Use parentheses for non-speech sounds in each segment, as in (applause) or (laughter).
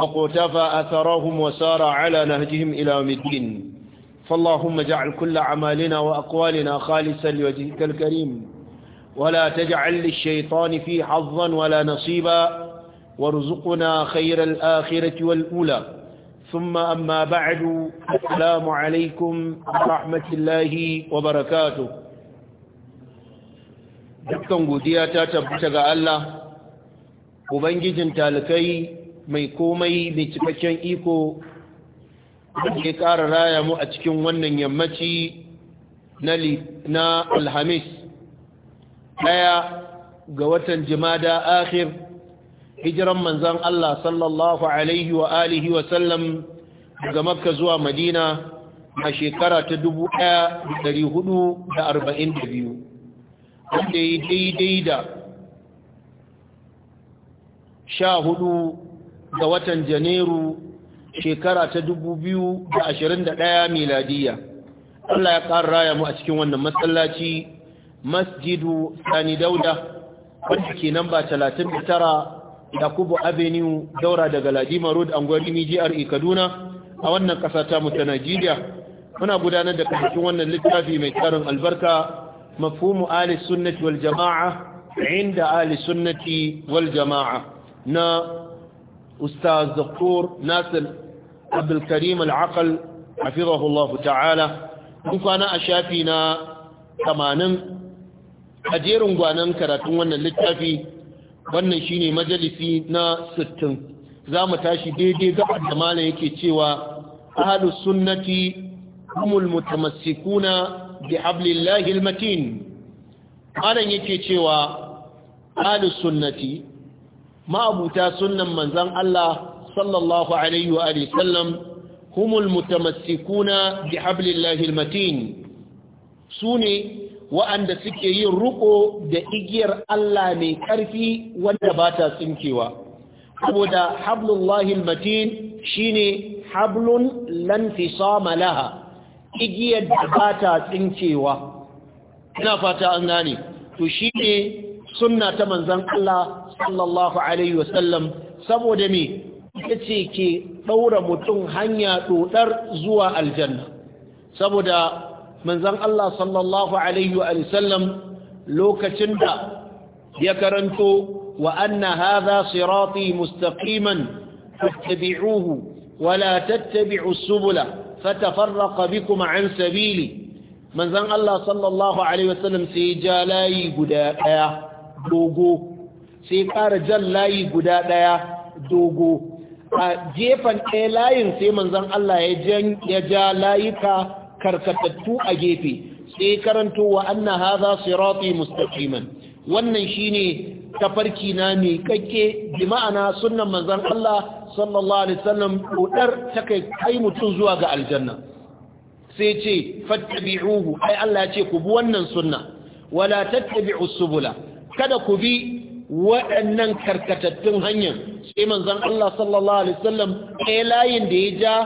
وقتفى أثرهم وسار على نهجهم إلى مدين فاللهم جعل كل عمالنا وأقوالنا خالصا لوجهك الكريم ولا تجعل للشيطان في حظا ولا نصيبا وارزقنا خير الآخرة والأولى ثم أما بعد السلام عليكم ورحمة الله وبركاته dukkan godiya ta tabbata ga Allah ubangijin talakai mai komai mai cikakken iko wanda ya ƙara raya mu a cikin wannan yammaci na alhamis ɗaya ga watan jimada akhir hijiran manzan Allah sallallahu alaihi wa alihi wa sallam daga makka zuwa madina a shekara ta dubu ɗaya da da hudu arba'in biyu, wanda ya daidai da sha hudu ga watan janairu shekara ta da ashirin 2021 miladiya Allah ya ƙara raya mu a cikin wannan masallaci masjidu sani dauda wanda ke namba 39 yakubu avenue daura daga ladima road angwari gra e, kaduna a wannan ƙasa ta mutu ta najeriya muna gudanar da karatun wannan littafi mai karin albarka mafhumu Ali sunnati wal jama'a inda ahli sunnati wal jama'a na أستاذ دكتور ناصر عبد الكريم العقل حفظه الله تعالى كان أشافينا ثمانين أجيرون قوانا كراتون وانا للتافي وانا شيني مجلسينا ستن زام تاشي دي دي قعد مالا يكي تيوى أهل السنة هم المتمسكون بحبل الله المتين مالا يكي تيوى أهل السنة ma'abuta sunnan manzan Allah sallallahu alaihi wa sallam humul mutamassikuna bi hablillahi almatin sune wa'anda suke yin ruko da igiyar Allah mai karfi wanda ba ta tsinkewa saboda hablullahi almatin shine hablun lan fisama laha igiyar da ba ta tsinkewa ina fata an gane to shine sunna ta manzan Allah sallallahu alaihi wasallam saboda me ce ke daura mutum hanya dodar zuwa aljanna saboda manzan Allah sallallahu alaihi wa sallam lokacin da ya karanto wa anna hadha sirati mustaqiman fattabi'uhu wa la tattabi'u subula fatafarraqa bikum an sabili manzan Allah sallallahu alaihi wa sallam sai jalayi guda daya dogo sai ƙara jan layi guda ɗaya dogo a gefen ɗaya layin sai manzon Allah ya ja layuka karkatattu a gefe sai karanto wa anna hadha sirati mustaqiman wannan shine tafarki na mai kakke bi ma'ana sunnan manzon Allah sallallahu alaihi wasallam kodar take kai mutum zuwa ga aljanna sai ce fattabi'uhu ai Allah ya ce ku bi wannan sunna wala tattabi'us subula kada ku bi waɗannan karkatattun hanyar sai manzon Allah sallallahu alaihi wasallam ɗaya layin da ya ja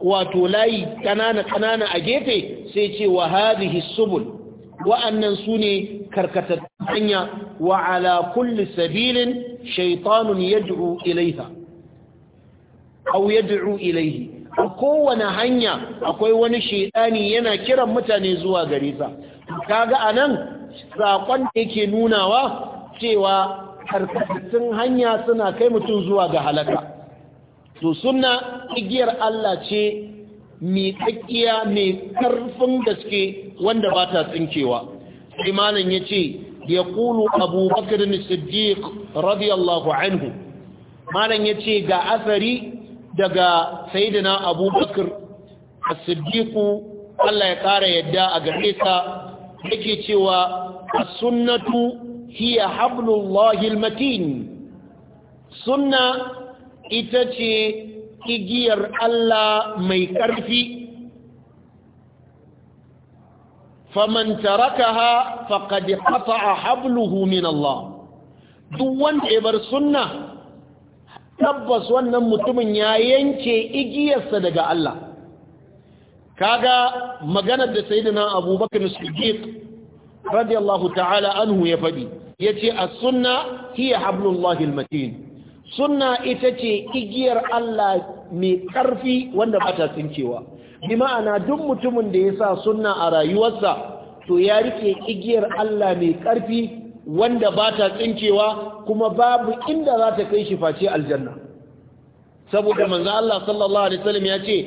wato layi ƙanana ƙanana a gefe sai ce wa hadhihi Waɗannan su sune karkatattun hanya wa ala kulli sabilin shaitanun yad'u ilayha aw a kowane hanya akwai wani shaidani yana kiran mutane zuwa gare sa kaga anan saƙon da yake nunawa cewa karkatattun hanya suna kai mutum zuwa ga halaka to suna igiyar Allah ce mai tsakiya mai karfin gaske wanda ba ta tsinkewa imanin ya ce ya kulu abubakar siddiq radiyallahu anhu malam ya ce ga asari daga sayidina abubakar siddiqu Allah ya ƙara yadda a gare sa yake cewa as-sunnatu hiya hablullahi al-matin sunna ita ce igiyar Allah mai ƙarfi faman tarakaha faqad qata'a habluhu min Allah duk wanda ya bar sunna tabbas wannan mutumin ya yanke igiyarsa daga Allah kaga maganar da sayyidina Abubakar Siddiq radiyallahu ta'ala anhu ya faɗi ya ce a sunna hiya hablullahi almatin sunna ita ce igiyar Allah mai ƙarfi wanda ba ta tsinkewa bi ma'ana duk mutumin da ya sa sunna a rayuwarsa to ya rike igiyar Allah mai ƙarfi wanda bata ta tsinkewa kuma babu inda za ta kai shi face aljanna saboda manzo Allah sallallahu alaihi wasallam ya ce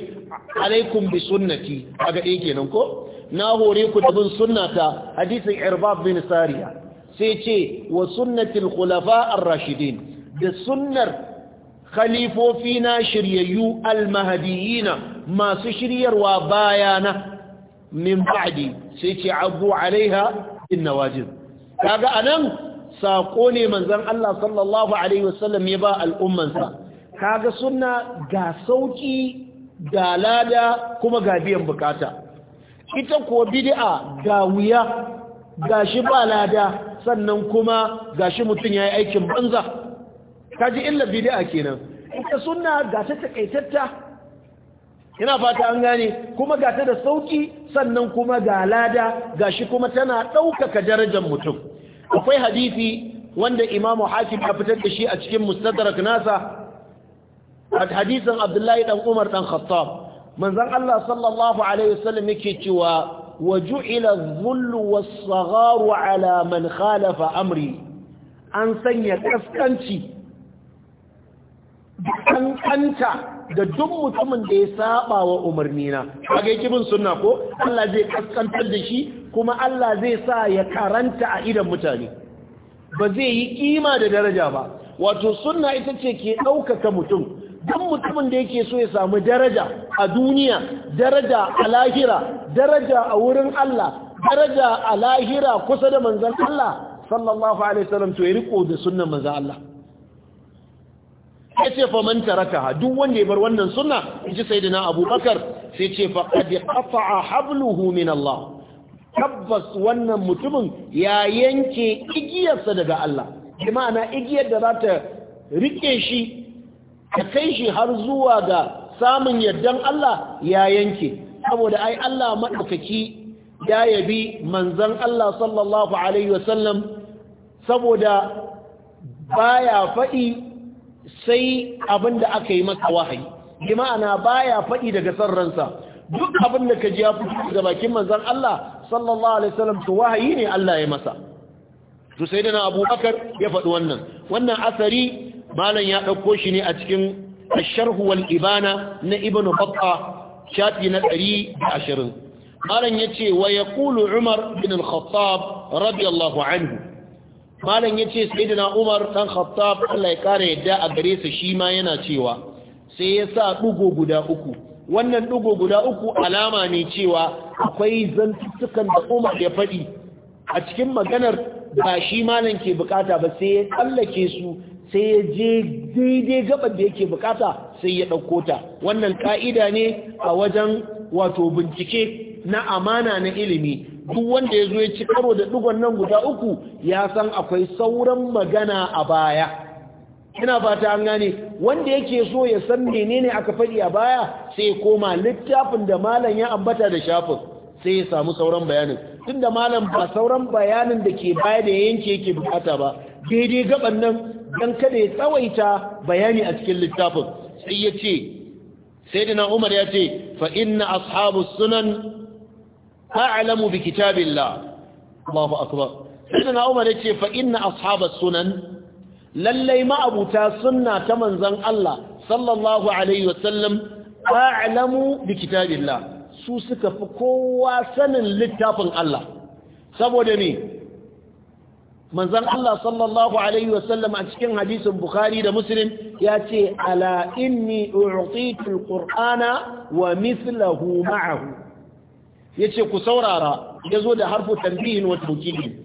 alaikum bi sunnati kaga dai kenan ko na hore ku da bin sunnata hadisin irbab bin sariya sai ce wa sunnatil khulafa ar-rashidin da sunnar khalifofi na shiryayyu al-mahdiyina masu shiryarwa bayana min ba'di sai ce abu alaiha bin nawajib kaga anan sako ne manzon Allah sallallahu alaihi wasallam ya ba al'ummansa kaga sunna ga sauki ga lada kuma ga biyan bukata ita ko bid'a ga wuya gashi ba lada sannan kuma gashi mutum yayi aikin banza kaji illa bid'a kenan ita sunna ga ta takaitatta ina fata an gane kuma ga da sauki sannan kuma ga lada gashi kuma tana ɗaukaka darajar mutum akwai hadisi wanda imamu hakim ya fitar da shi a cikin mustadrak nasa hadisin abdullahi dan umar dan khattab manzon Allah sallallahu alaihi wasallam yake cewa wajuila الظل والصغار على من خالف أمري أن سنكسكنشي an kanta da duk mutumin da ya saba wa umarnina kage kibin sunna ko Allah zai kaskantar da shi kuma Allah zai sa ya karanta a idan mutane ba zai yi kima da daraja ba wato sunna ita ce ke ɗaukaka mutum duk mutumin da yake so ya samu daraja a duniya daraja a lahira daraja a wurin Allah daraja a lahira kusa da manzan Allah sallallahu alaihi wasallam to ya riko da sunnan manzan Allah yace fa man tarakaha duk wanda ya bar wannan sunna yace sayyidina Abubakar sai ce fa qad qata'a habluhu min Allah tabbas wannan mutumin ya yanke igiyarsa daga Allah bi ma'ana igiyar da za ta rike shi ka kai shi har zuwa ga samun yardan Allah ya yanke saboda ai Allah maɗaukaki ya yabi manzan Allah sallallahu alaihi wasallam saboda baya faɗi sai abinda da aka yi masa wahayi bi ma'ana baya faɗi daga sarransa duk abin da ka ji ya fito daga bakin manzon Allah sallallahu alaihi wasallam to wahayi ne Allah ya masa to sai da Abubakar ya faɗi wannan wannan asari malam ya ɗauko shi ne a cikin asharhuwal ibana na ibn batta shafi na ɗari ashirin malam ya ce wa ya kulu umar bin al-khattab radiyallahu anhu malam ya ce sai umar ɗan khattab allah ya ƙara yadda a gare sa shi ma yana cewa sai ya sa ɗugo guda uku wannan ɗugo guda uku alama ne cewa akwai zantuttukan da umar ya faɗi a cikin maganar ba shi malam ke bukata ba sai ya tsallake su sai ya je daidai gaban da yake bukata sai ya ɗauko ta wannan ƙa'ida ne a wajen wato bincike na amana na ilimi duk wanda ya zo ya ci karo da ɗigon nan guda uku ya san akwai sauran magana a baya ina fata an gane wanda yake so ya san menene aka faɗi a baya sai ya koma littafin da malam ya ambata da shafin sai ya samu sauran bayanin tunda malam ba sauran bayanin da ke baya da yanke yake bukata ba daidai gaban nan don kada ya tsawaita bayani a cikin littafin sai ya ce sai da umar ya ce fa na ashabu sunan a'lamu bi kitabillah Allahu akbar sai da umar ya ce fa inna ashabu sunan lallai ma'abuta suna ta manzan Allah sallallahu alaihi wasallam a'lamu bi kitabillah su suka fi kowa sanin littafin Allah saboda ne manzan Allah sallallahu alaihi wasallam a cikin hadisin Bukhari da musulun ya ce ala inni u'titu qur'ana wa mislahu ma'ahu yace ku saurara yazo da harfu tambihin wata tawkid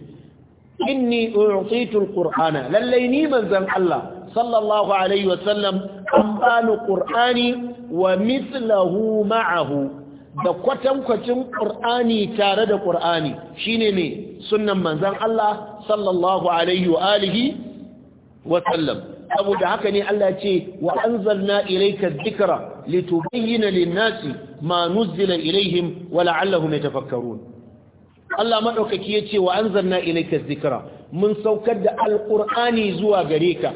inni u'titu qur'ana lallai ni manzan Allah sallallahu alaihi wasallam an bani qur'ani wa mislahu ma'ahu da kwatankwacin ƙur'ani tare da ƙur'ani shine ne sunan manzan Allah sallallahu alaihi wa alihi wa saboda haka ne Allah ce wa anzalna ilayka dhikra litubayyana lin-nasi ma nuzila ilaihim wa la'allahum yatafakkarun Allah madaukaki yace wa anzalna ilayka dhikra mun saukar da alqur'ani zuwa gare ka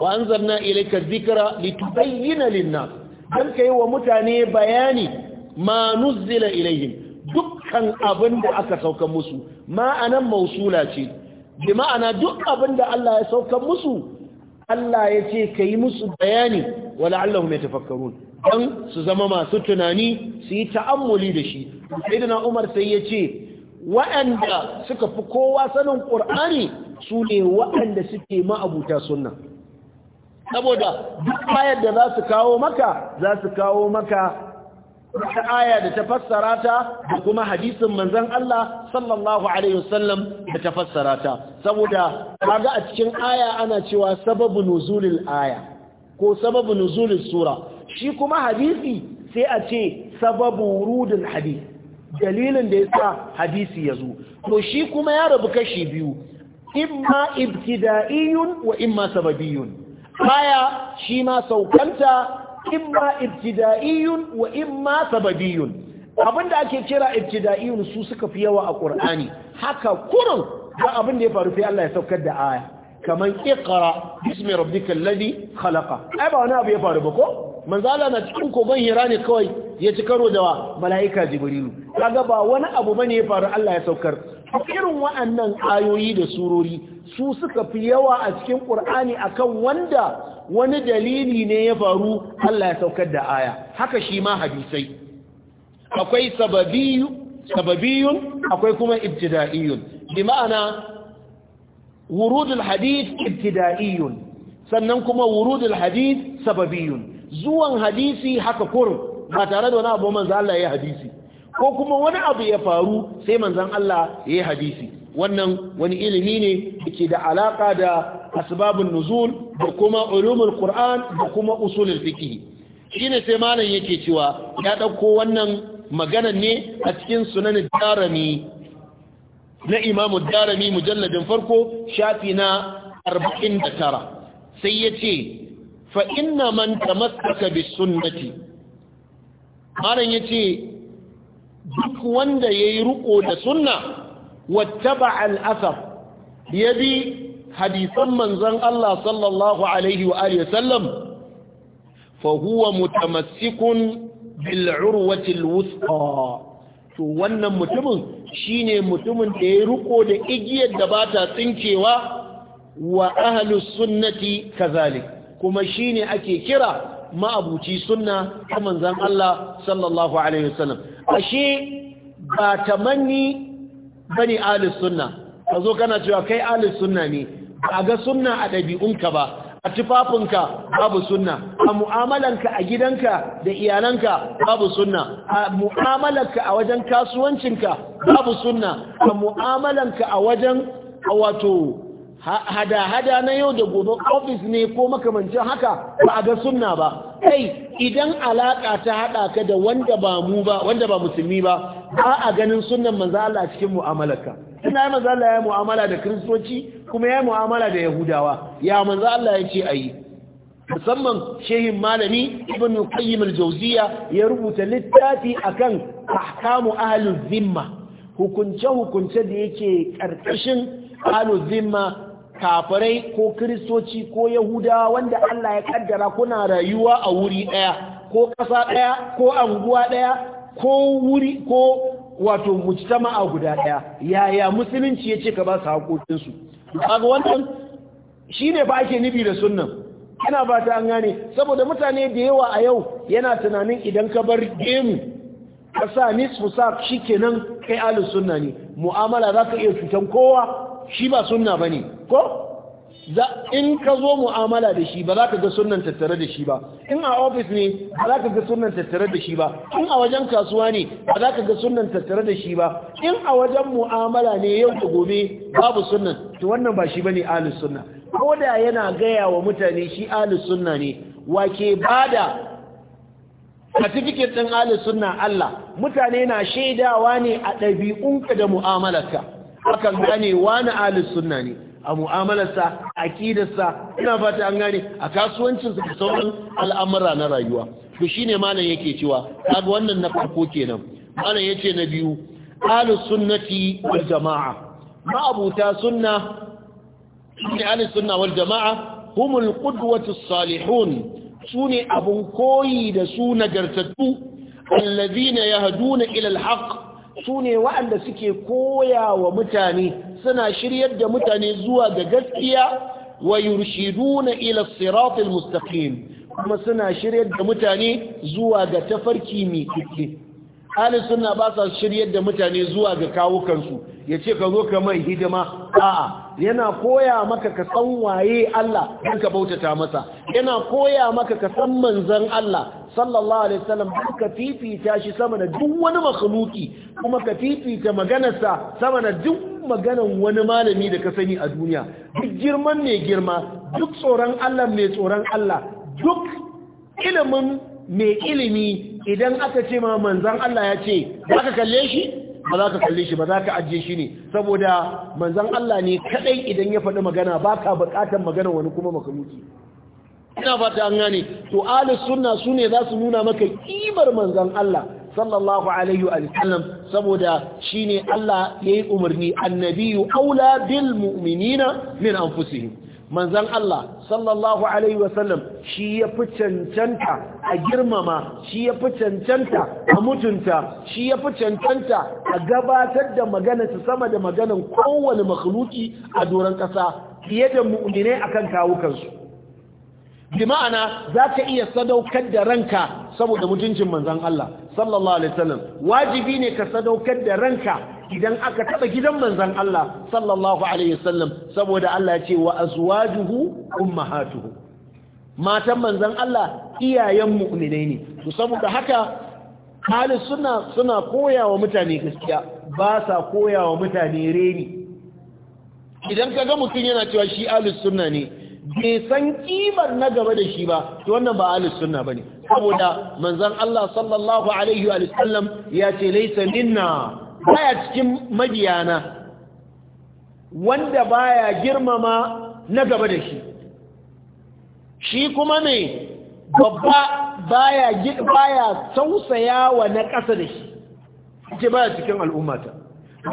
wa anzalna ilayka dhikra litubayyana lin-nasi dan kai wa mutane bayani ma nuzzila ilaihim dukkan abin da aka sauka musu ma'anan mausula ce bi ma'ana duk abin da Allah ya sauka musu Allah ya ce ka musu bayani wala Allah mai tafakkarun don su zama masu tunani su yi ta'ammuli da shi sayyidina Umar sai ya ce waɗanda suka fi kowa sanin Qur'ani su ne waɗanda suke ma'abuta sunna saboda duk ayar da za su kawo maka za su kawo maka wata aya da ta fassara ta da kuma hadisin manzon Allah sallallahu alaihi wasallam da ta fassara ta saboda kaga a cikin aya ana cewa sababu nuzulil aya ko sababu nuzulil sura shi kuma hadisi sai a ce sababu wurudin hadisi, dalilin da yasa hadisi yazo to shi kuma ya rabu kashi biyu imma ibtida'iyun wa imma sababiyun aya shi ma saukanta imma ibtida'iyun wa imma sababiyun abinda ake kira ibtida'iyun su suka fi yawa a Qur'ani haka kurun ga abin da ya faru sai Allah ya saukar da aya kaman iqra bismi rabbikal ladhi khalaqa ai ba wani abu ya faru ba ko manzala na cikin kogon hira ne kawai ya ci karo da mala'ika jibrilu kaga ba wani abu bane ya faru Allah ya saukar irin wa'annan ayoyi da surori su suka fi yawa a cikin qur'ani akan wanda wani dalili ne ya faru Allah ya saukar da aya haka shi ma hadisai akwai sababiyu sababiyun akwai kuma ibtida'iyun bi ma'ana wurudul hadith ibtida'iyun sannan kuma wurudul hadith sababiyun zuwan hadisi haka kurum ba tare da wani abu manzan Allah ya hadisi ko kuma wani abu ya faru sai manzan Allah ya hadisi wannan wani ilimi ne ke da alaka da asbabun nuzul da kuma ulumul qur'an da kuma usulul fiqh shine sai malam yake cewa ya dauko wannan magana ne a cikin sunan darami na imamu darami mujalladin farko shafi na 49 sai ya ce fa ina man tamassaka bis sunnati malam yace duk wanda yayi ruko da sunna wattaba al ya yabi hadisan manzon Allah sallallahu alaihi wa alihi fa huwa mutamassikun bil urwati al to wannan mutumin shine mutumin da ya ruko da igiyar da bata tsincewa wa ahlus sunnati kazalik kuma ne ake kira ma'abuci sunna ta manzon Allah sallallahu alaihi wasallam ashe ba tamanni bane ahlus sunna kazo kana cewa kai ahlus sunna ne ba ga sunna a ɗabi'unka ba a tufafinka babu sunna a mu'amalanka a gidanka da iyalanka babu sunna a mu'amalanka a wajen kasuwancinka babu sunna a mu'amalanka a wajen wato hada-hada na yau da gobe ofis ne ko makamancin haka ba a ga suna ba kai idan alaka ta hada ka da wanda ba mu ba wanda ba musulmi ba ba a ganin sunan manzala cikin mu'amalarka ina ya Allah ya mu'amala da kristoci kuma ya mu'amala da yahudawa ya ya ce a yi? musamman shehin malami ibn qayyim al-jawziya ya rubuta littafi akan ahkamu ahlul zimma hukunce hukunce da yake karkashin ahlul zimma kafirai ko kiristoci ko yahudawa wanda Allah ya kaddara kuna rayuwa a wuri ɗaya ko ƙasa ɗaya ko anguwa ɗaya ko wuri ko wato mujtama a guda ɗaya yaya musulunci ya ce ka ba su haƙoƙinsu ga wannan Shi ne ba ake nufi da sunnan Yana ba ta an gane saboda mutane da yawa a yau yana tunanin idan ka bar gemu ka sa nisfu sa shi kenan kai ahlus sunna ne mu'amala ka iya cutan kowa shi ba sunna ba ne. ko in ka zo mu'amala da shi ba za ka ga sunan tattare da shi ba in a ofis ne ba za ka ga sunan tattare da shi ba in a wajen kasuwa ne ba za ka ga sunan tattare da shi ba in a wajen mu'amala ne yau da gobe babu sunan to wannan ba shi ba ne alis sunna ko da yana gaya wa mutane shi alis sunna ne wake da certificate ɗin alis sunna Allah mutane na shaidawa ne a ɗabi'unka da mu'amalarka akan gane wani alis sunna ne a mu'amalarsa a kidarsa ina fata an gane a kasuwancinsa da sauran al'amura na rayuwa to shine malam yake cewa kaga wannan na farko kenan malam yace na biyu ahlus sunnati wal jamaa ma'abuta sunna ne ahlus sunna wal jamaa humul qudwatu salihun sune abun koyi da su nagartattu alladhina yahduna ila al-haqq su ne wa'anda suke koya wa mutane suna shiryar da mutane zuwa ga gaskiya wa yurshiduna ila siratul mustaqim kuma suna shiryar da mutane zuwa ga tafarki mai kike Ali suna ba sa shiryar da mutane zuwa ga kawukansu. Ya yace ka zo ka mai hidima a'a yana koya maka ka san waye Allah don ka bautata masa yana koya maka ka san manzon Allah sallallahu alaihi wasallam ka fifita shi sama da duk wani makhluki kuma ka fifita maganarsa sama da duk maganar wani malami da ka sani a duniya duk girman mai girma duk tsoron Allah mai tsoron Allah duk ilimin mai ilimi idan aka ce ma manzon Allah ya ce za ka kalle shi ba za ka kalle shi ba za ka ajiye shi ne saboda manzon Allah ne kadai idan ya faɗi magana ba ka buƙatar magana wani kuma makhluki ina fata an gane to ahlus sunna sune za su nuna maka kimar manzon Allah sallallahu alaihi wa sallam saboda shine Allah yayi umarni annabiyyu aula bil mu'minina min anfusihim manzon Allah sallallahu alaihi wa sallam shi ya fi cancanta a girmama shi ya fi cancanta a mutunta shi ya fi cancanta a gabatar da magana sama da maganan kowane makhluki a doron kasa fiye da mu'minai akan kawukansu bi ma'ana za ka iya sadaukar da ranka saboda mutuncin manzan Allah sallallahu alaihi wasallam wajibi ne ka sadaukar da ranka idan aka taba gidan manzan Allah sallallahu alaihi wasallam saboda Allah ya ce wa azwajuhu ummahatuhu matan manzan Allah iyayen mu'minai ne to saboda haka Ali suna suna koyawa mutane gaskiya ba sa koyawa mutane reni idan ka ga mutum yana cewa shi Ali sunna ne bai san kimar na gaba da shi ba to wannan ba ahlus sunna ne. saboda manzon Allah sallallahu alaihi wa sallam ya ce laysa minna baya cikin magiyana wanda baya girmama na gaba da shi shi kuma ne babba baya baya tausaya wa na ƙasa da shi ce baya cikin al'ummata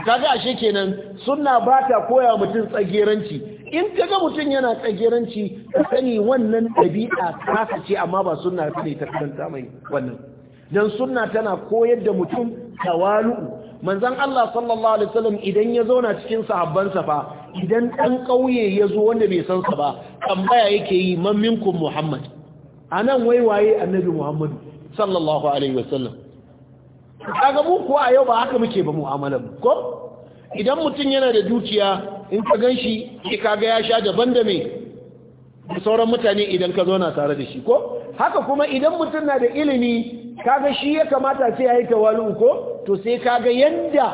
kaga ashe kenan sunna ba ta koya mutum tsageranci in ka ga mutum yana tsagiranci ka sani wannan ɗabi'a ta ce amma ba sunna ta ne ta karanta mai wannan dan sunna tana koyar da mutum tawalu manzon Allah sallallahu alaihi wasallam idan ya zauna cikin sahabbansa fa idan dan kauye ya zo wanda bai san sa ba tambaya yake yi man minkum muhammad anan wai waye annabi muhammad sallallahu alaihi wasallam kaga mu ko a yau ba haka muke ba mu'amalar ko idan mutum yana da dukiya in ka gan shi sai ka ga ya sha daban da mai sauran mutane idan ka zauna tare da shi ko haka kuma idan mutum na da ilimi kaga shi ya kamata sai ya yi tawali ko to sai kaga yanda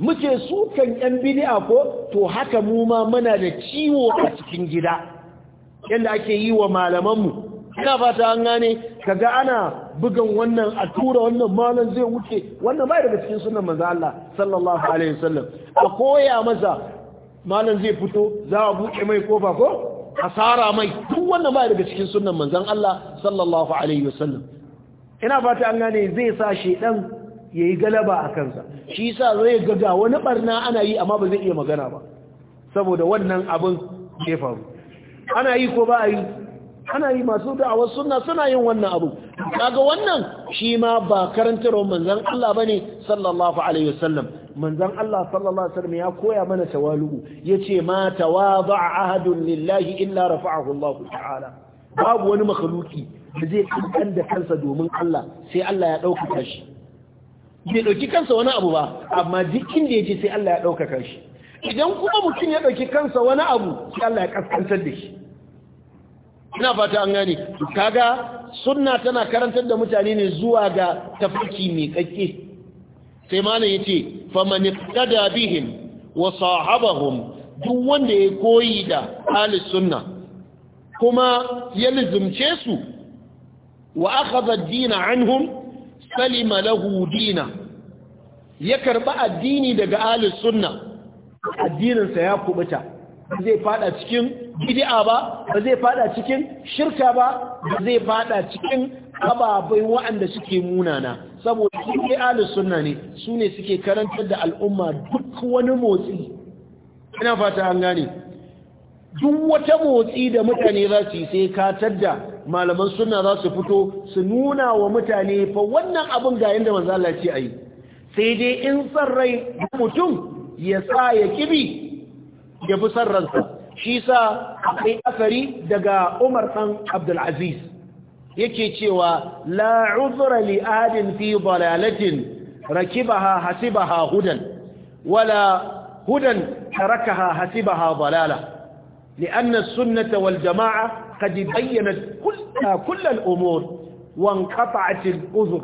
muke sukan yan bini'a ko to haka mu ma muna da ciwo a cikin gida yanda ake yi wa malamanmu ina fata an gane kaga ana bugan wannan a tura wannan malam zai wuce wannan bai daga cikin sunan manzo Allah sallallahu alaihi wasallam a koya masa malam zai fito za a buke mai kofa ko asara mai duk wannan bai daga cikin sunan manzo Allah sallallahu alaihi wasallam ina fata an gane zai sa shedan yayi galaba a kansa shi yasa zai gaga wani barna ana yi amma ba zai iya magana ba saboda wannan abin ke faru ana yi ko ba a yi ana yi masu da'awar sunna suna yin wannan abu kaga wannan shi ma ba karantarwar manzan Allah bane sallallahu alaihi wasallam Manzan Allah sallallahu alaihi wasallam ya koya mana tawalu yace ma tawada'a ahadun lillahi illa rafa'ahu Allah ta'ala babu wani makhluki da zai kankan da kansa domin Allah sai Allah ya dauka shi bai dauki kansa wani abu ba amma duk inda yaje sai Allah ya dauka shi idan kuma mutum ya dauki kansa wani abu sai Allah ya kaskantar da shi ina fata an gane kaga sunna tana karantar da mutane ne zuwa ga tafarki mai kakke sai malam yace faman iqtada bihim wa sahabahum duk wanda ya koyi da ahli sunna kuma ya lizumce su wa akhadha ad-din anhum salima lahu dina ya karba addini daga ahli sunna addininsa ya kubuta ba zai fada cikin bid'a ba ba zai fada cikin shirka ba ba zai fada cikin ababai waɗanda suke munana saboda ne ahlus sunna ne su ne suke karantar da al'umma duk wani motsi ina fata an gane duk wata motsi da mutane za su yi sai ka tadda malaman sunna za su fito su nuna wa mutane fa wannan abin ga yanda manzo Allah ce ayi sai dai in san rai mutum ya sa ya kibi ya fi son ransa shi sa akwai asari daga Umar ɗan abdulaziz yake cewa la uzra li adin fi balalatin rakibaha hasibaha hudan wala hudan tarakaha hasibaha dalala لأن السنة والجماعة قد بينت كل, كل الأمور وانقطعت الأذر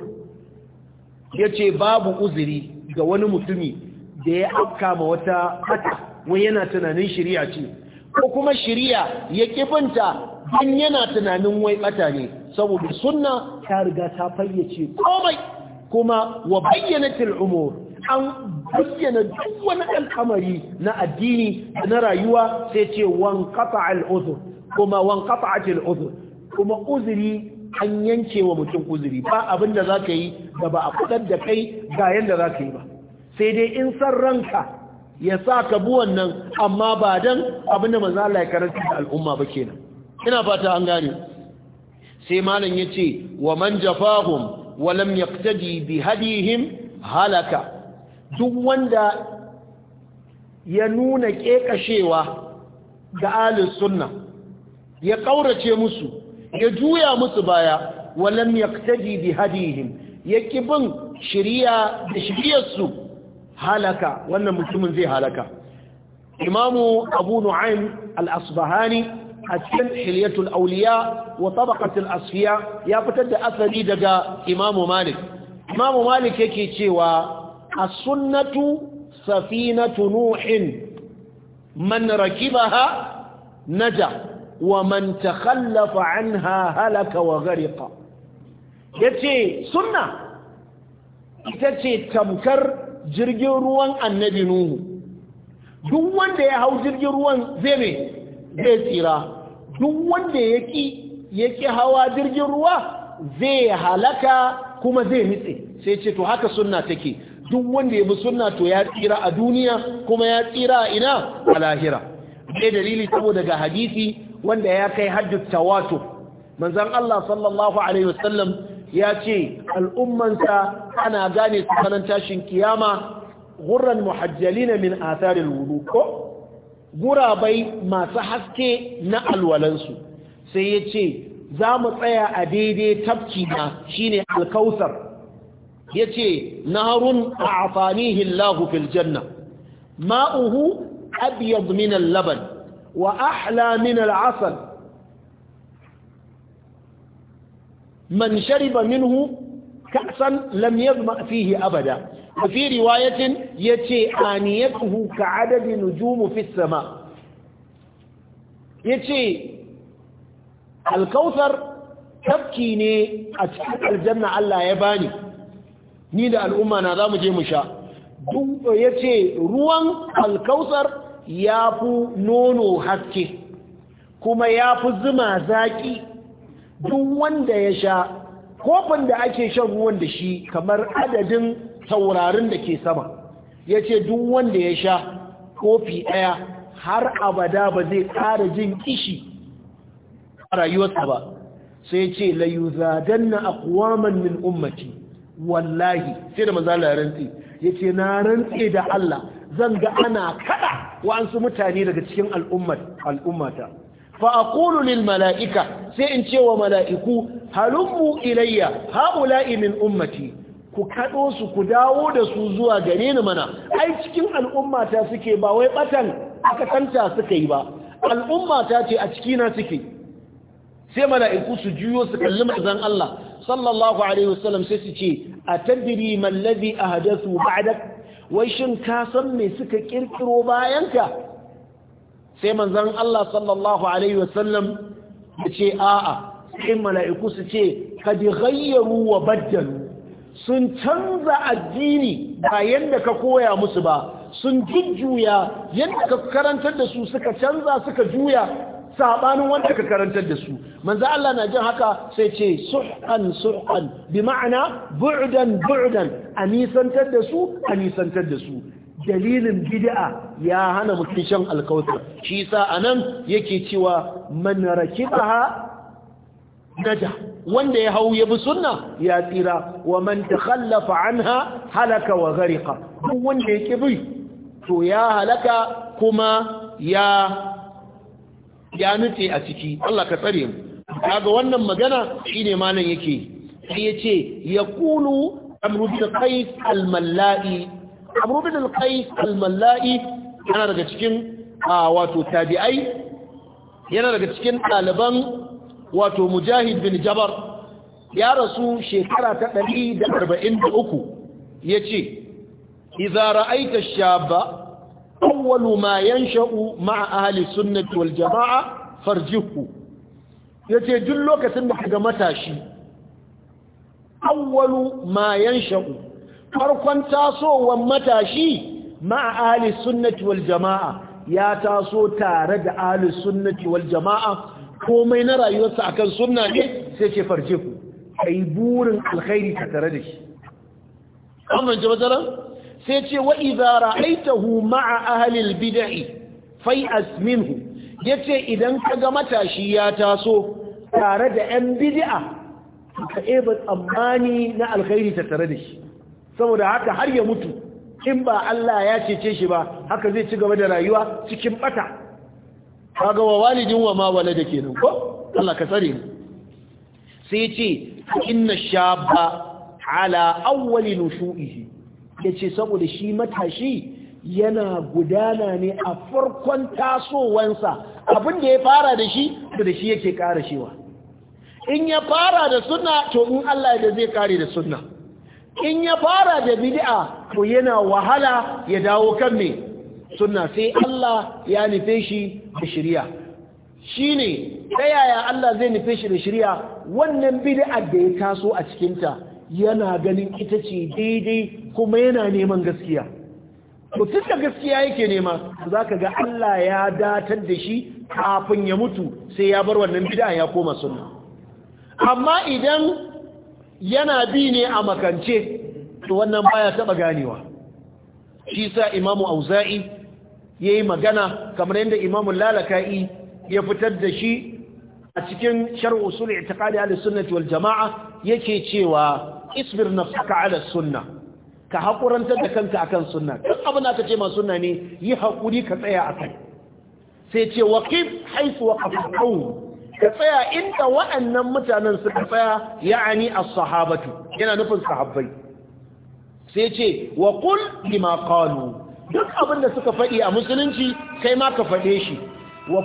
يتي باب أذري ga wani mutumi da ya auka ma wata hata wani yana tunanin shiriya ce ko kuma shari'a ya kibinta don yana tunanin wai bata ne saboda sunna ta riga ta fayyace komai kuma wa bayyana umur an bayyana duk wani al'amari na addini da na rayuwa sai ce wan kafa al'uzur kuma wan qata'at al kuma uzuri an yanke wa mutum uzuri ba abin da zaka yi da ba a kudar da kai ga yanda zaka yi ba sai dai in san ranka ya sa ka bi wannan amma ba dan abin da manzo Allah ya karanta da al'umma ba kenan ina fata an gane sai malam yace wa man jafahum wa lam yaqtadi bi hadihim halaka duk wanda ya nuna kekashewa ga alin sunna ya kaurace musu ya juya musu baya wa lam yaqtadi bi hadihim bin shiriya da su halaka wannan mutumin zai halaka imamu abu nu'aym al-asbahani a cikin hilyatul auliya wa tabaqatul asfiya ya fitar da asali daga imamu malik imamu malik yake cewa as-sunnatu safinatu nuhin man rakibaha naja wa man takhallafa anha halaka wa ghariqa yace sunna ita ce tamkar jirgin ruwan annabi nuhu duk wanda ya hau jirgin ruwan zai ne zai tsira duk wanda ya ki hawa jirgin ruwa zai halaka kuma zai nitse sai ce to haka sunna take duk wanda ya bi sunna to ya tsira a duniya kuma ya tsira a ina a lahira zai dalili saboda daga hadisi wanda ya kai haddut tawatur manzon Allah sallallahu alaihi wasallam ya ce al'ummansa ana gane su kanan tashin kiyama guran muhajjalina min atharil wudu ko gurabai masu haske na alwalansu sai ya ce za mu tsaya a daidai tafki na shine alkausar ya ce naharun a afanihi Lahu fil janna ma'uhu abyad min laban wa ahla min asal man shariba minhu كأسا لم يظمأ فيه أبدا وفي رواية يتي آنيته كعدد نجوم في السماء يتي الكوثر تبكي ني أتحق الجنة ألا يباني نيدا الأمة نظام جيمشا يتي روان الكوثر يافو نونو حكي كما يافو الزما زاكي duk wanda ya sha kofin da ake shan ruwan da shi kamar adadin taurarin da ke sama ya ce duk wanda ya sha kofi ɗaya har abada ba zai ƙara jin kishi a rayuwarsa ba sai ce layuzadan na akwaman min ummati wallahi sai da Maza rantsi ya ce na rantse da Allah zan ga ana kada wa'ansu mutane daga cikin al'ummata fa aqulu lil mala'ika sai in ce wa mala'iku halummu ilayya haula'i min ummati ku kaɗo su ku dawo da su zuwa gare ni mana ai cikin al'ummata suke ba wai batan aka tanta suka yi ba al'umma ce a cikina suke sai mala'iku su juyo su kalli manzon Allah sallallahu alaihi wasallam sai su ce atadri man ladhi ahdathu ba'dak wai shin ka san me suka kirkiro bayanka sai manzan Allah sallallahu alaihi wasallam ya ce a'a sai mala'iku su ce kad ghayyaru wa baddalu sun canza addini ba yanda ka koya musu ba sun jujjuya yadda ka karantar da su suka canza suka juya sabanin wanda ka karantar da su manzo Allah na jin haka sai ce suhan suhan bi ma'ana bu'dan bu'dan a nisantar da su a nisantar da su dalilin bid'a ya hana mutum shan alkautar shi sa anan yake cewa man rakibaha naja wanda ya hau ya bi sunna ya tsira wa man takhallafa anha halaka wa ghariqa duk wanda ya bi to ya halaka kuma ya ya nutse a ciki Allah ka tsare mu kaga wannan magana shine malam yake sai yace yaqulu amru bin qais al-mallai amru bin qais al-mallai yana daga cikin wato tabi'ai yana daga cikin ɗaliban wato mujahid bin jabar ya rasu shekara ta 143 ya ce iza ra'aita shaba awwalu ma yansha'u ma'a ahli sunnati wal jama'a farjihu yace duk lokacin da ga matashi awwalu ma sha'u. farkon tasowar matashi ma'a ahli sunnati wal jama'a ya taso tare da ahli sunnati wal jama'a komai na rayuwarsa akan sunna ne sai ce farce ku kai burin alkhairi ka tare da shi amman ji matsalar sai ce wa idza ra'aitahu ma'a ahli al bid'i fai minhu yace idan kaga matashi ya taso tare da yan bid'a ka eba tsammani na alkhairi ta tare da shi saboda haka har ya mutu in ba Allah ya cece shi ba haka zai ci gaba da rayuwa cikin bata kaga wa walidin wa ma walada kenan ko Allah ka tsare ni. sai ce inna shaba ala awwali nushu'ihi yace saboda shi matashi yana gudana ne a farkon tasowansa abin da ya fara da shi da shi yake ƙara shewa in ya fara da sunna to in Allah da zai kare da sunna in ya fara da bid'a to yana wahala ya dawo kan me sunna sai Allah ya nufe shi da shari'a shine ta yaya Allah zai nufe shi da shari'a wannan bid'a da ya taso a cikin ta yana ganin ita ce daidai kuma yana neman gaskiya mutum da gaskiya yake nema za ka ga Allah ya datar da shi kafin ya mutu sai ya bar wannan bid'a ya koma sunna amma idan yana bi ne a makance to wannan baya taba ganewa shi sa imamu auza'i yi magana kamar yadda imamu lalaka'i ya fitar da shi a cikin sharh usul i'tiqadi ala sunnati wal jamaa yake cewa isbir nafsaka ala sunna ka hakurantar da kanka akan sunna duk abin da ce ma sunna ne yi hakuri ka tsaya akai sai ce waqif haythu waqafa qawm ka tsaya inda waɗannan mutanen suka tsaya ya ani a sahabatu yana nufin sahabbai sai ce wa qul lima duk abin da suka faɗi a musulunci kai ma ka faɗe shi wa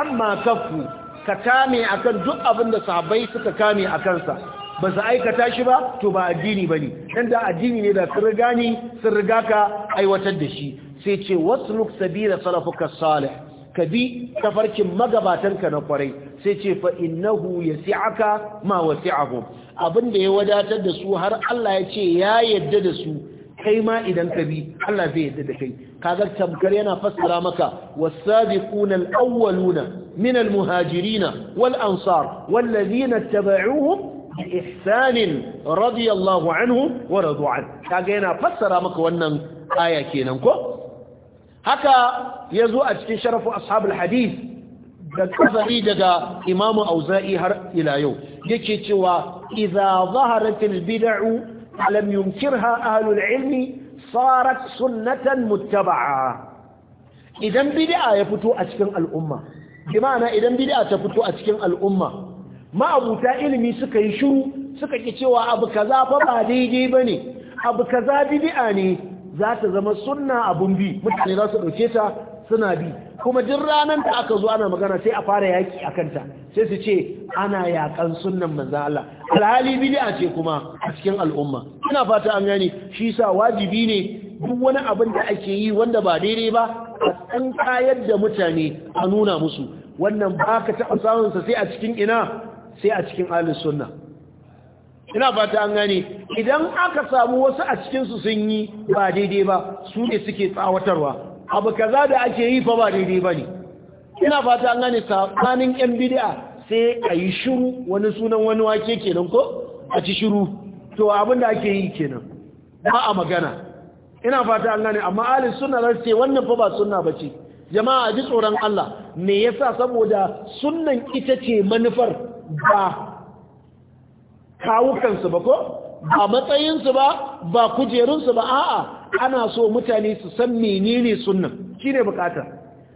amma kafu ka kame akan duk abin da sahabbai suka kame a kansa ba su aikata shi ba to ba addini ba ne ɗan da addini ne da sun riga ni sun riga ka aiwatar da shi sai ce wasu luk salafu ka salih ka bi tafarkin magabatanka na kwarai sai ce fa innahu yasi'aka ma wasi'ahum abin da ya wadatar da su har Allah ya ce ya yadda da su kai ma idan ka bi Allah zai yadda da kai kaga tamkar yana fassara maka was-sabiquna al-awwaluna min al-muhajirina wal-ansar wal-ladhina ittaba'uuhum بإحسان رضي الله عنه ورضوا عنه كاغينا فسر مك wannan aya kenan ko haka yazo a cikin sharafu ashabul hadith da kasari daga imamu auza'i har ila yau yake cewa idza zaharatil bid'u lam yunkirha ahlul ilmi sarat sunnatan muttaba'a idan bid'a ya fito a cikin al'umma bi ma'ana idan bid'a ta fito a cikin al'umma ma'abuta ilimi suka yi shiru suka ki cewa abu kaza fa ba daidai bane abu kaza bid'a ne za ta zama sunna abun bi mutane za su dauke ta suna bi kuma duk ranar da aka zo ana magana sai a fara yaki a kanta sai su ce ana yakan sunnan manzan Allah alhali bid'a ce kuma a cikin al'umma ina fata an gani. shi sa wajibi ne duk wani abin da ake yi wanda ba daidai ba a san kayar da mutane a nuna musu wannan baka ka taɓa samun sa sai a cikin ina sai a cikin ahlus sunna ina fata an gani. idan aka samu wasu a cikin su sun yi ba daidai ba su ne suke tsawatarwa abu kaza da ake yi fa ba daidai bane ina fata an gane sabanin yan bid'a sai ayi shiru wani sunan wani wake kenan ko a ci shiru to abin da ake yi kenan ba a magana ina fata an gane amma ahli sunna zai ce wannan fa ba sunna bace jama'a a ji tsoron Allah me yasa saboda sunnan ita ce manufar ba kawukansu ba ko ba matsayinsu ba ba kujerunsu ba a'a ana so mutane su san menene sunna shine bukata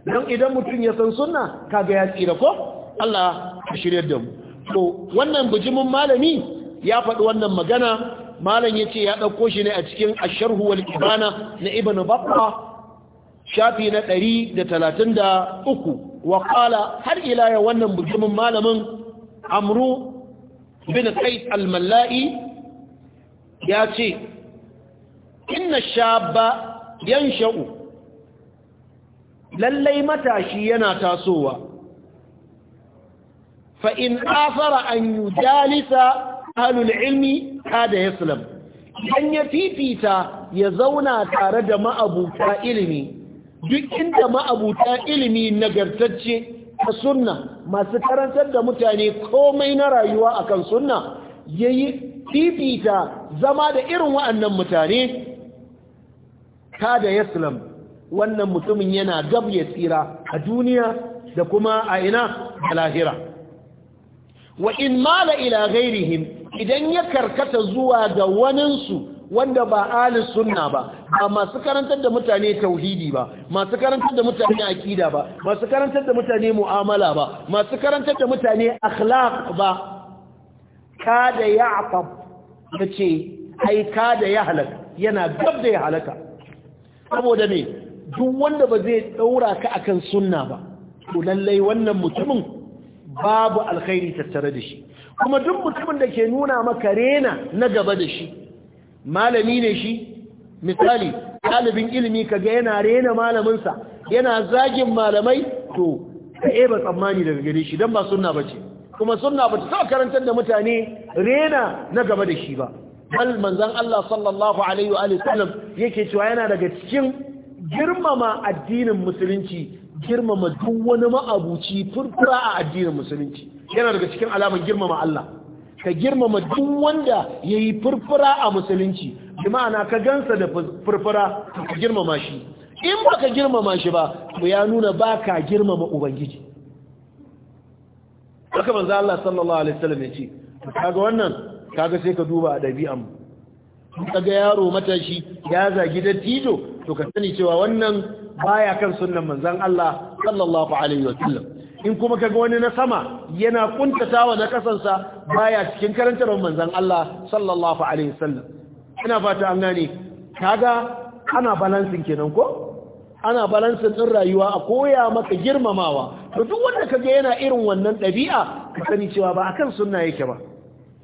don idan mutum ya san sunna kaga ya tsira ko Allah ya shiryar da mu to wannan bujumin malami ya faɗi wannan magana malam yace ya dauko shi ne a cikin asharhu wal ibana na ibn battah shafi na ɗari da talatin da uku wa ƙala har ya wannan bujimin malamin amru bin qais al-malla'i ya ce inna shabba yan sha'u lallai matashi yana tasowa fa'in afara an yi jalisa halul ilmi kada ya sulam Yan ya fifita ya zauna tare da ma'abuta ilimi duk inda ma'abuta ilimi nagartacce ta sunna masu karantar da mutane komai na rayuwa akan sunna yayi fifita zama da irin wa'annan mutane kada yaslam wannan mutumin yana gab ya tsira a duniya da kuma a ina da lahira wa in mala ila idan ya karkata zuwa ga waninsu wanda ba alis sunna ba ba masu karantar da mutane tauhidi ba masu karantar da mutane akida ba masu karantar da mutane mu'amala ba masu karantar da mutane akhlaq ba kada ya'tab ya ce haika da ya halaka yana gab da ya halaka saboda me duk wanda ba zai daura ka akan sunna ba to lallai wannan mutumin babu alkhairi tattare da shi kuma duk mutumin da ke nuna maka rena na gaba da shi malami ne shi misali ɗalibin ilimi kaga yana rena malaminsa yana zagin malamai to ka ba tsammani daga gare shi don ba sunna ba ce kuma sunna ba ta karantar da mutane rena na gaba da shi ba bal manzan Allah sallallahu alaihi wa sallam yake cewa yana daga cikin girmama addinin musulunci girmama duk wani ma'abuci furfura a addinin musulunci yana daga cikin alamar girmama Allah ka girmama duk wanda yayi furfura a musulunci bi ma'ana ka gansa da furfura ka girmama shi in baka girmama shi ba to ya nuna baka girmama ubangiji haka manzo Allah sallallahu alaihi wasallam yace kaga wannan kaga sai ka duba a dabi'an mu kaga yaro matashi ya zagi dattijo to ka sani cewa wannan baya kan sunnan manzon Allah sallallahu alaihi wasallam in kuma kaga wani na sama yana kuntatawa na kasansa baya cikin karantar manzon Allah sallallahu alaihi wasallam ina fata an gane kaga ana balancing kenan ko ana balansa ɗin rayuwa a koya maka girmamawa to duk wanda ka ga yana irin wannan ɗabi'a ka sani cewa ba akan sunna yake ba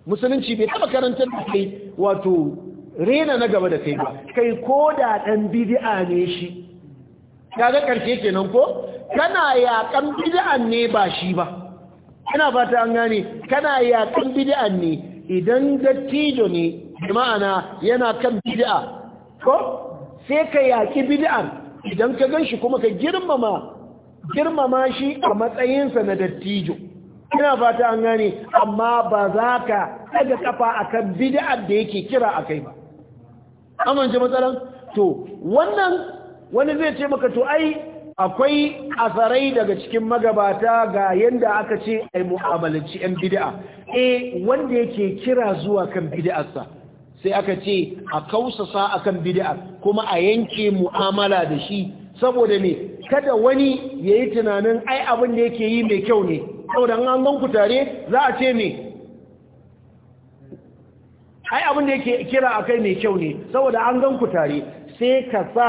musulunci bai taɓa karantar da kai wato rena na gaba da kai ba kai ko da ɗan bid'a ne shi kaga karshe kenan ko kana yaƙan bid'an ne ba shi ba kana fata an gane kana yaƙan bid'an ne idan dattijo ne ma'ana yana kan bid'a ko sai ka yaƙi bidi'an idan ka gan shi kuma ka girmama girmama shi a matsayinsa na dattijo ina fata an gane amma ba za ka daga kafa kan bid'ar da yake kira a kai ba amince matsalan to wannan wani zai ce maka to ai akwai asarai daga cikin magabata ga yanda aka ce ai mu'amalanci yan bid'a eh wanda yake kira zuwa kan bid'arsa sai aka ce a kausasa akan bid'a kuma a yanke mu'amala da shi saboda me kada wani yayi tunanin ai abin da yake yi mai kyau ne saboda an gan ku tare za a ce me ai abin da yake kira akai mai kyau ne saboda an gan ku tare sai ka sa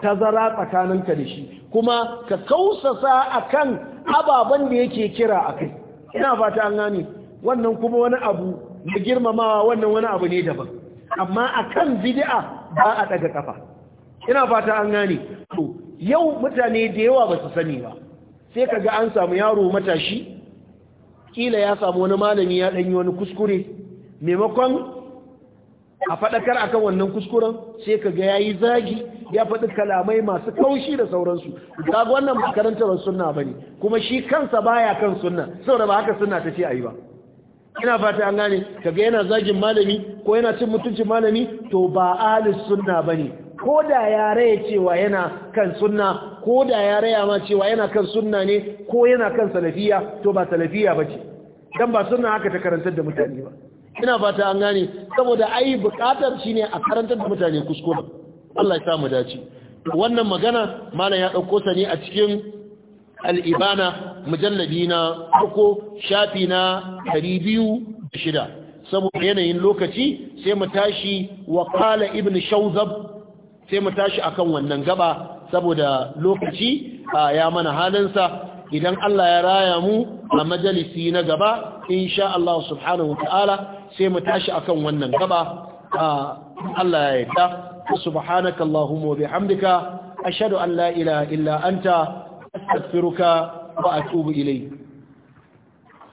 tazara tsakaninka da shi kuma ka kausasa akan ababen da yake kira akai ina fata an gane wannan kuma wani abu na girmamawa wannan wani abu ne daban amma a kan bidi'a ba a daga kafa ina fata an gane to yau mutane da yawa ba su sani ba sai kaga an samu yaro matashi kila ya samu wani malami ya danyi wani kuskure maimakon a faɗakar akan wannan kuskuren sai kaga ga yayi zagi ya faɗi kalamai masu kaushi da sauransu ga wannan makarantar sunna bane kuma shi kansa baya kan sunna saboda ba haka sunna ta ce ayi ba ina fata an gane kaga yana zagin malami ko yana cin mutuncin malami to ba ahlus sunna bane ko da ya raya cewa yana kan sunna ko da ya raya ma cewa yana kan sunna ne ko yana kan salafiya to ba salafiya bace dan ba sunna haka ta karantar da mutane ba ina fata an gane saboda ai bukatar shine a karantar da mutane kuskure Allah ya samu dace wannan magana malam ya dauko ta ne a cikin al'ibana mujallabi na farko shafi na 206 saboda yanayin lokaci sai mu tashi wa kala ibn shauzab sai mu tashi akan wannan gaba saboda lokaci ya mana halinsa idan Allah ya raya mu a majalisi na gaba insha Allah subhanahu wa ta'ala sai mu tashi akan wannan gaba Allah ya yarda subhanakallahumma wa bihamdika ashhadu an la ilaha illa anta astaghfiruka wa atubu ilayk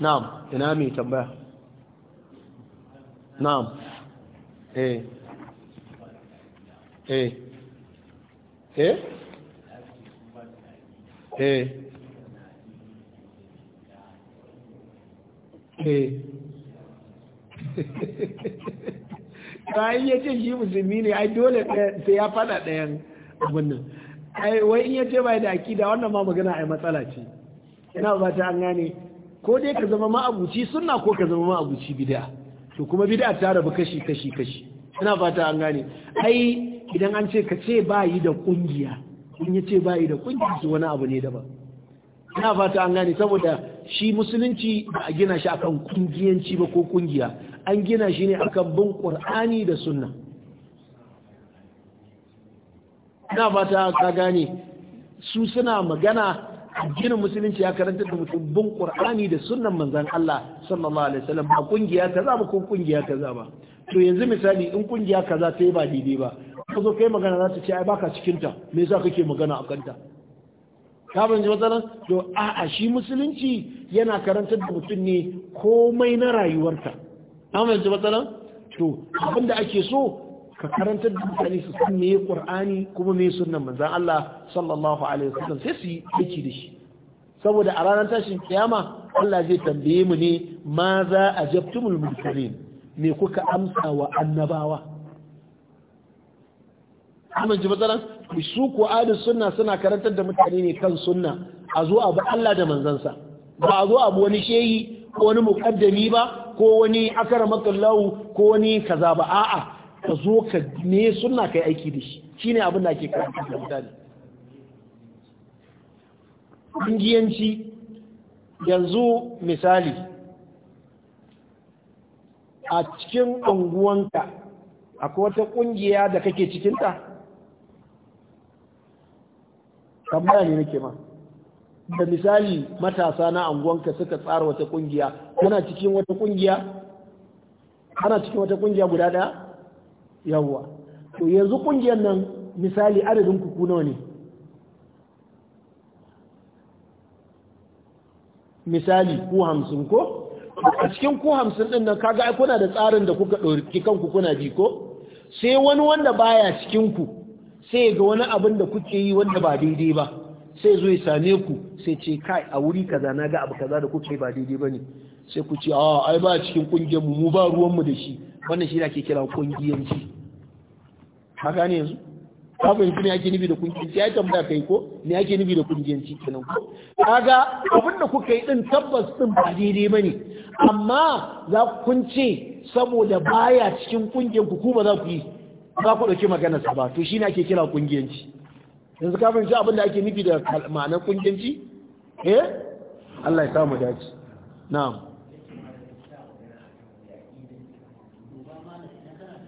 na'am ina mai tambaya na'am eh eh eh eh eh bayan (laughs) ya ce shi musulmi ne ai dole sai ya fada ɗayan abin nan ai wai in yace bai da akida wannan ma magana ai matsala ce ina ba ta an gane ko dai ka zama ma'abuci sunna ko ka zama ma'abuci bid'a to kuma bid'a ta rabu kashi kashi kashi ina ta an gane ai idan an ce ka ce bai da kungiya in ya ce da kungiya su wani abu ne daban ina ta an gane saboda shi musulunci ba a gina shi akan kungiyanci ba ko kungiya an gina shi ne akan bin qur'ani da sunna Na ba ta ka gane su suna magana ginin musulunci ya karanta da mutum bin qur'ani da sunnan manzon Allah sallallahu alaihi wasallam ba kungiya kaza ba ko kungiya kaza ba to yanzu misali in kungiya kaza ta yi ba daidai ba ka zo kai magana za ta ce ai baka cikin ta me yasa kake magana a kanta ka ban ji matsalan to a'a shi musulunci yana karantar da mutum ne komai na rayuwarta. an ban ji matsalan to abinda ake so ka karantar da mutane su san me qur'ani kuma me sunnan manzon Allah sallallahu alaihi wasallam sai su yi aiki da shi saboda a ranar tashin kiyama Allah zai tambaye mu ne ma za a jabtumul me kuka amsa wa annabawa amma ji matsalan su ko adu sunna suna karantar da mutane ne kan sunna a zo abu Allah da manzansa ba a zo abu wani shehi ko wani muqaddami ba ko wani akara makallahu ko wani kaza ba a'a ka zo ka ne suna kai aiki da shi ne abin da ake karanta da mutane kungiyanci yanzu misali a cikin unguwanka akwai wata ƙungiya da kake cikinta tambaya ne nake ma da misali matasa na unguwanka suka tsara wata ƙungiya, kana cikin wata ƙungiya? kana cikin wata ƙungiya guda daya yawwa to yanzu kungiyar nan misali adadin kuku nawa ne misali ku hamsin ko a cikin ku hamsin din nan kaga ai kuna da tsarin da kuka ɗauki kanku kuna bi ko sai wani wanda baya cikin ku sai ga wani abin da kuke yi wanda ba daidai ba sai zo ya same ku sai ce kai a wuri kaza na ga abu kaza da kuke ba daidai ba ne sai ku ce a ai ba cikin kungiyar mu mu ba ruwan mu da shi wannan shi ake kira kungiyanci haka ne yanzu ka fahimci ne ake nufi da kungiyanci ya tambaya kai ko ne ake nufi da kungiyanci kenan ko kaga abin da kuka yi din tabbas din ba daidai bane amma za ku kunce saboda baya cikin kungiyan ku kuma za ku yi za ku dauki magana sa ba to shi ne ake kira kungiyanci yanzu ka fahimci abin da ake nufi da ma'anar kungiyanci eh Allah ya samu dace na'am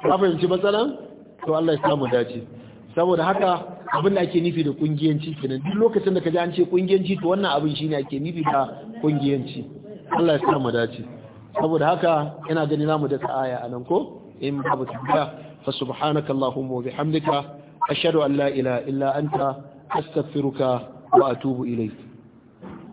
ka fahimci matsalan to Allah ya samu dace saboda haka abin da ake nufi da kungiyanci kenan duk lokacin da ka ji an ce kungiyanci to wannan abin shine ake nufi da kungiyanci Allah ya samu dace saboda haka ina gani zamu da aya anan ko in babu tabbata fa subhanaka allahumma wa bihamdika ashhadu an la ilaha illa anta astaghfiruka wa atubu ilai."